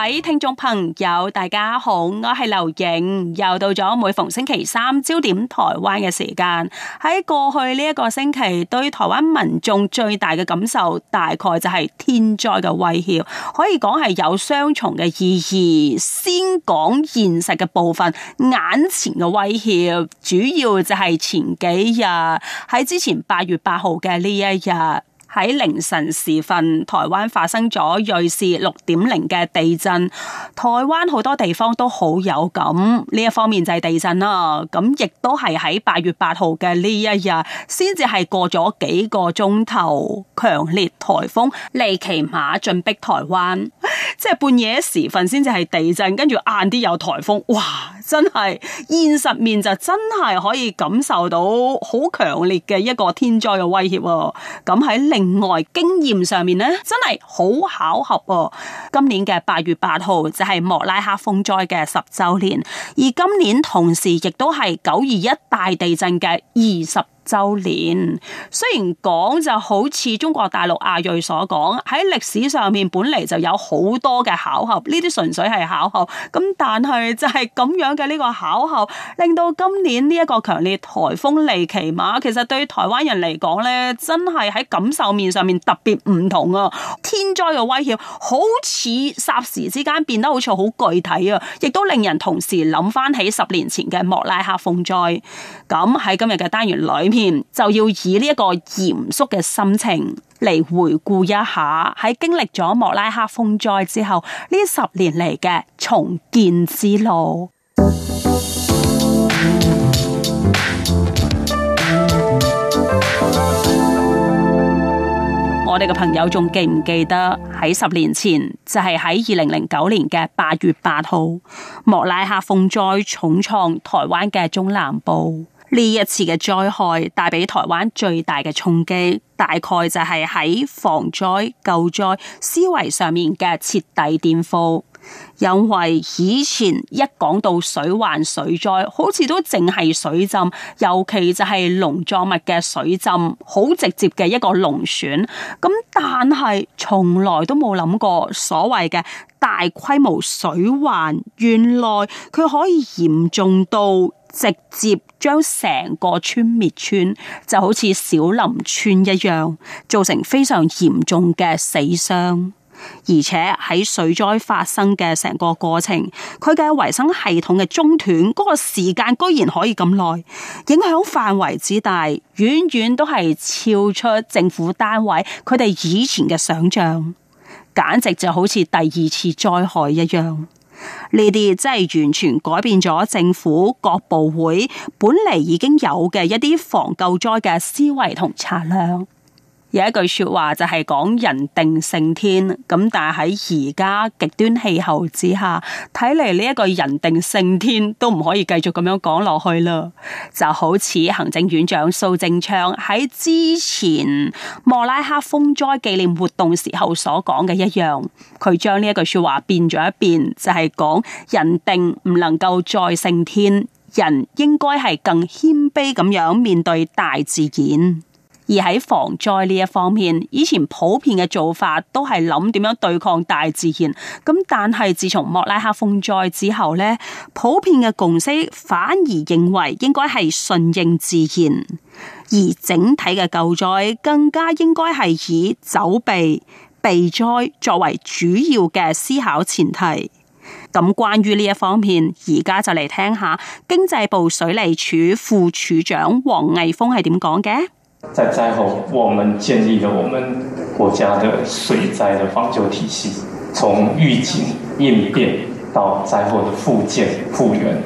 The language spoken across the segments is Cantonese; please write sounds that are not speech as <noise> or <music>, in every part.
各位聽眾朋友，大家好，我係劉穎，又到咗每逢星期三焦點台灣嘅時間。喺過去呢一個星期，對台灣民眾最大嘅感受，大概就係天災嘅威脅，可以講係有雙重嘅意義。先講現實嘅部分，眼前嘅威脅，主要就係前幾日喺之前八月八號嘅呢一日。喺凌晨時分，台灣發生咗芮氏六點零嘅地震，台灣好多地方都好有感，呢一方面就係地震啦。咁亦都係喺八月八號嘅呢一日，先至係過咗幾個鐘頭，強烈颱風利奇馬進逼台灣。即係半夜時分先至係地震，跟住晏啲有台風，哇！真係現實面就真係可以感受到好強烈嘅一個天災嘅威脅哦。咁喺另外經驗上面呢，真係好巧合哦！今年嘅八月八號就係、是、莫拉克風災嘅十週年，而今年同時亦都係九二一大地震嘅二十。周年，雖然講就好似中國大陸阿瑞所講，喺歷史上面本嚟，就有好多嘅巧合，呢啲純粹係巧合咁，但係就係咁樣嘅呢個巧合，令到今年呢一個強烈颱風利奇馬，其實對台灣人嚟講呢，真係喺感受面上面特別唔同啊，天災嘅威脅好似霎時之間變得好似好具體啊，亦都令人同時諗翻起十年前嘅莫拉克風災。咁喺今日嘅單元裏。片就要以呢一個嚴肅嘅心情嚟，回顧一下喺經歷咗莫拉克風災之後呢，十年嚟嘅重建之路。 <music> 我哋嘅朋友仲記唔記得喺十年前，就係喺二零零九年嘅八月八號，莫拉克風災重創台灣嘅中南部。呢一次嘅災害帶俾台灣最大嘅衝擊，大概就係喺防災、救災思維上面嘅徹底顛覆。因為以前一講到水患、水災，好似都淨係水浸，尤其就係農作物嘅水浸，好直接嘅一個農損。咁但係從來都冇諗過所謂嘅大規模水患，原來佢可以嚴重到，直接將成個村滅村，就好似小林村一樣，造成非常嚴重嘅死傷。而且喺水災發生嘅成個過程，佢嘅維生系統嘅中斷，嗰個時間居然可以咁耐，影響範圍之大，遠遠都係超出政府單位。佢哋以前嘅想象，簡直就好似第二次災害一樣。呢啲真係完全改變咗政府各部會本嚟已經有嘅一啲防救災嘅思維同策略。有一句說話就係講人定勝天咁，但係喺而家極端氣候之下，睇嚟，呢一個人定勝天都唔可以繼續咁樣講落去啦。就好似行政院長蘇貞昌喺之前莫拉克風災紀念活動時候所講嘅一樣，佢將呢一句說話變咗一變，就係講人定唔能夠再勝天，人應該係更謙卑咁樣面對大自然。而喺防災呢一方面，以前普遍嘅做法都係諗點樣對抗大自然。咁但係自從莫拉克風災之後咧，普遍嘅共識反而認為應該係順應自然，而整體嘅救災更加應該係以走避避災作為主要嘅思考前提。咁關於呢一方面，而家就嚟聽下經濟部水利署副處長黃毅峰係點講嘅。在災後，我們建立了我們國家的水災的防救體系，從預警、應變到災後的復建復原，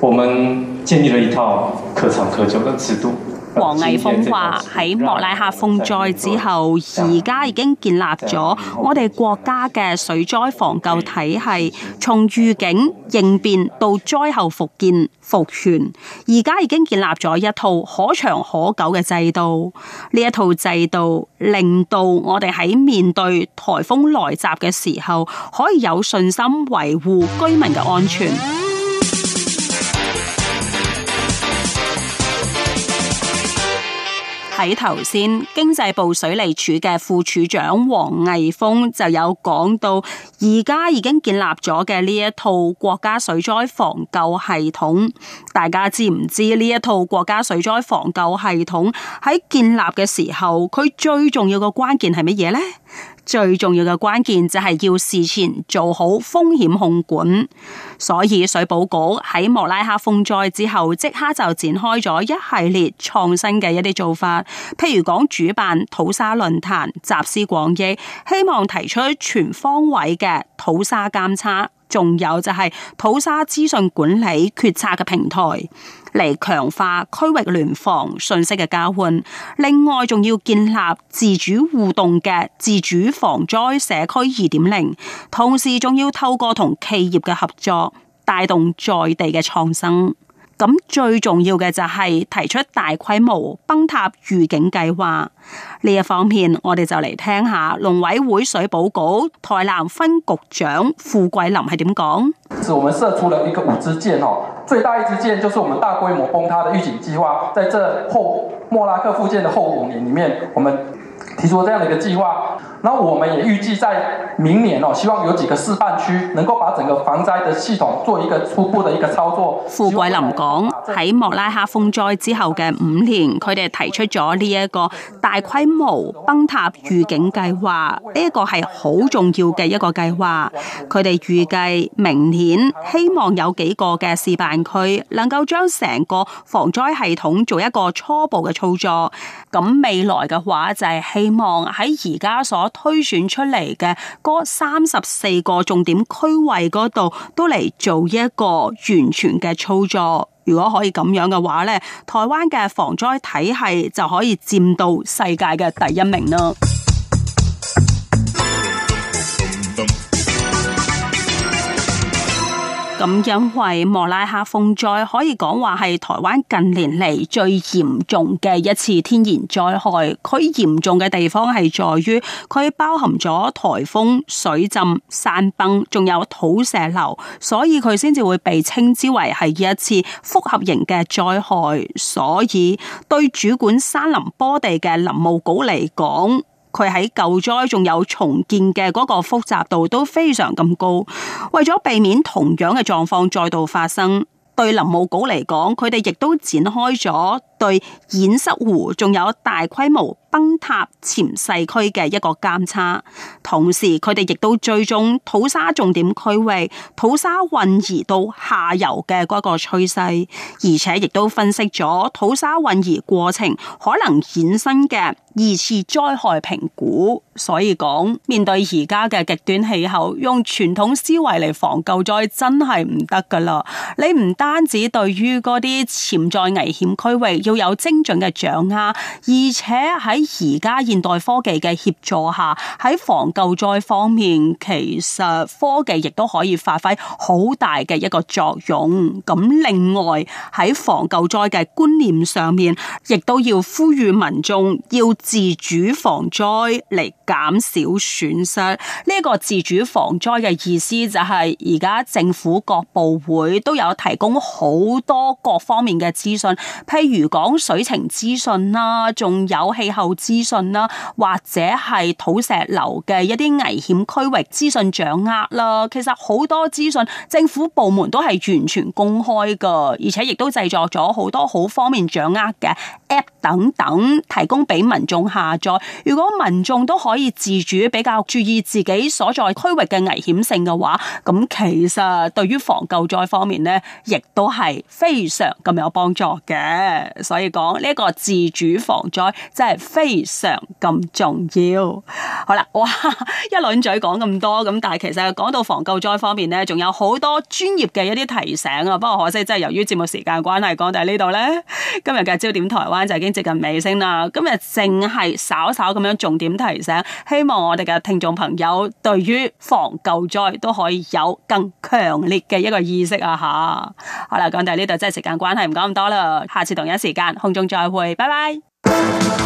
我們建立了一套可長可久的制度。黃毅峰話：喺莫拉克風災之後，而家已經建立咗我哋國家嘅水災防救體系，從預警、應變到災後復建復原，而家已經建立咗一套可長可久嘅制度。呢一套制度令到我哋喺面對颱風來襲嘅時候，可以有信心維護居民嘅安全。喺頭先，經濟部水利署嘅副署長黃毅峰就有講到，而家已經建立咗嘅呢一套國家水災防救系統，大家知唔知呢一套國家水災防救系統喺建立嘅時候，佢最重要嘅關鍵係乜嘢呢？最重要嘅關鍵就係要事前做好風險控管，所以水保局喺莫拉克風災之後，即刻就展開咗一系列創新嘅一啲做法，譬如講主辦土砂論壇，集思廣益，希望提出全方位嘅土砂監測。仲有就係土砂資訊管理決策嘅平台，嚟強化區域聯防信息嘅交換。另外仲要建立自主互動嘅自主防災社區二點零，同時仲要透過同企業嘅合作，帶動在地嘅創新。咁最重要嘅就係提出大規模崩塌預警計劃呢一方面，我哋就嚟聽下農委會水保局台南分局長傅桂林係點講。是我們射出了一個五支箭哦，最大一支箭就是我們大規模崩塌的預警計劃。在這後莫拉克復建的後五年裏面，我們提出了這樣一個計劃。那我們也預計在明年哦，希望有幾個示範區能夠把整個防災的系統做一個初步的一個操作。傅桂林講喺這莫拉克風災之後嘅五年，佢哋提出咗呢一個大規模崩塌預警計劃，呢、這、一個係好重要嘅一個計劃。佢哋預計明年希望有幾個嘅示範區能夠將成個防災系統做一個初步嘅操作。咁未來嘅話就係希望喺而家所推選出嚟嘅三十四個重點區域嗰度，都嚟做一個完全嘅操作。如果可以咁樣嘅話呢，台灣嘅防災體系就可以佔到世界嘅第一名啦。咁因為莫拉克風災可以講話係台灣近年嚟最嚴重嘅一次天然災害，佢嚴重嘅地方係在於佢包含咗颱風、水浸、山崩，仲有土石流，所以佢先至會被稱之為係一次複合型嘅災害。所以對主管山林坡地嘅林務局嚟講，佢喺救災仲有重建嘅嗰個複雜度都非常咁高，為咗避免同樣嘅狀況再度發生，對林務局嚟講，佢哋亦都展開咗對堰塞湖仲有大規模崩塌潛勢區嘅一個監測，同時佢哋亦都追蹤土砂重點區域土砂運移到下游嘅嗰個趨勢，而且亦都分析咗土砂運移過程可能衍生嘅二次災害評估。所以講，面對而家嘅極端氣候，用傳統思維嚟防救災真係唔得㗎喇！你唔單止對於嗰啲潛在危險區域要有精準嘅掌握，而且喺喺而家現代科技嘅協助下，喺防救災方面，其實科技亦都可以發揮好大嘅一個作用。咁另外喺防救災嘅觀念上面，亦都要呼籲民眾要自主防災嚟減少損失。呢個自主防災嘅意思就係而家政府各部會都有提供好多各方面嘅資訊，譬如講水情資訊啦，仲有氣候。資訊啦，或者係土石流嘅一啲危險區域資訊掌握啦。其實好多資訊，政府部門都係完全公開噶，而且亦都製作咗好多好方便掌握嘅 App 等等，提供俾民眾下載。如果民眾都可以自主比較注意自己所在區域嘅危險性嘅話，咁其實對於防救災方面呢，亦都係非常咁有幫助嘅。所以講呢一個自主防災，即係。非常咁重要，好啦，哇，一輪嘴講咁多咁，但係其實講到防救災方面呢，仲有好多專業嘅一啲提醒啊！不過可惜，真係由於節目時間關係，講到呢度呢，今日嘅焦點台灣就已經接近尾聲啦。今日淨係稍稍咁樣重點提醒，希望我哋嘅聽眾朋友對於防救災都可以有更強烈嘅一個意識啊！吓，好啦，講到呢度真係時間關係，唔講咁多啦，下次同一時間空中再會，拜拜。